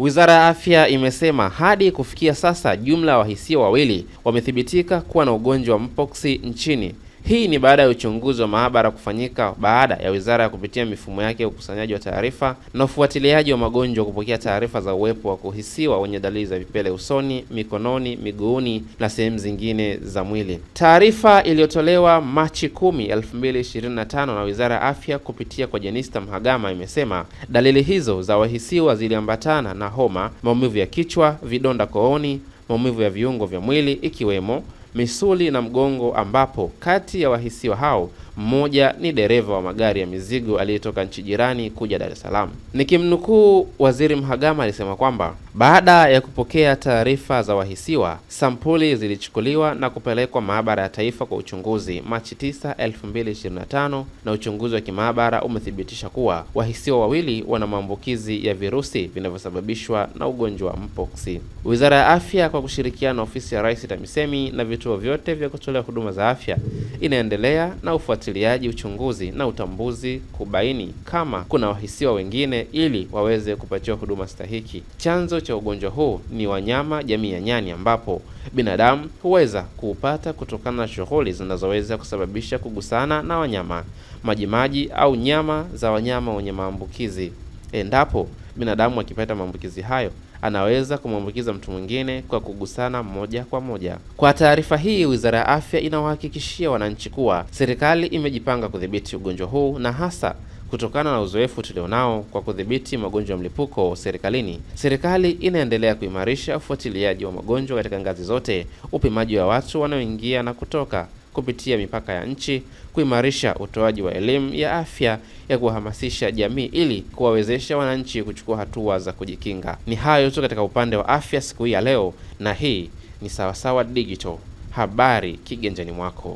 Wizara ya Afya imesema hadi kufikia sasa jumla ya wahisiwa wawili wamethibitika kuwa na ugonjwa wa mpox nchini hii ni baada ya uchunguzi wa maabara kufanyika baada ya wizara ya kupitia mifumo yake ya ukusanyaji wa taarifa na ufuatiliaji wa magonjwa kupokea taarifa za uwepo wa kuhisiwa wenye dalili za vipele usoni, mikononi, miguuni na sehemu zingine za mwili. Taarifa iliyotolewa Machi 10, 2025 na Wizara ya Afya kupitia kwa Jenista Mhagama imesema dalili hizo za wahisiwa ziliambatana na homa, maumivu ya kichwa, vidonda kooni, maumivu ya viungo vya mwili ikiwemo misuli na mgongo, ambapo kati ya wahisiwa hao mmoja ni dereva wa magari ya mizigo aliyetoka nchi jirani kuja Dar es Salaam. Nikimnukuu Waziri Mhagama alisema kwamba baada ya kupokea taarifa za wahisiwa, sampuli zilichukuliwa na kupelekwa maabara ya taifa kwa uchunguzi Machi 9, 2025 na uchunguzi wa kimaabara umethibitisha kuwa wahisiwa wawili wana maambukizi ya virusi vinavyosababishwa na ugonjwa wa mpox. Wizara ya Afya kwa kushirikiana na Ofisi ya Rais TAMISEMI na vituo vyote vya kutolea huduma za afya inaendelea na ufuatiliaji, uchunguzi na utambuzi kubaini kama kuna wahisiwa wengine ili waweze kupatiwa huduma stahiki. Chanzo cha ugonjwa huu ni wanyama jamii ya nyani, ambapo binadamu huweza kuupata kutokana na shughuli zinazoweza kusababisha kugusana na wanyama majimaji au nyama za wanyama wenye maambukizi. Endapo binadamu akipata maambukizi hayo anaweza kumwambukiza mtu mwingine kwa kugusana moja kwa moja. Kwa taarifa hii, Wizara ya Afya inawahakikishia wananchi kuwa serikali imejipanga kudhibiti ugonjwa huu na hasa Kutokana na uzoefu tulionao kwa kudhibiti magonjwa ya mlipuko serikalini, serikali inaendelea kuimarisha ufuatiliaji wa magonjwa katika ngazi zote, upimaji wa watu wanaoingia na kutoka kupitia mipaka ya nchi, kuimarisha utoaji wa elimu ya afya ya kuhamasisha jamii ili kuwawezesha wananchi kuchukua hatua za kujikinga. Ni hayo tu katika upande wa afya siku hii ya leo, na hii ni Sawasawa Digital, habari kiganjani mwako.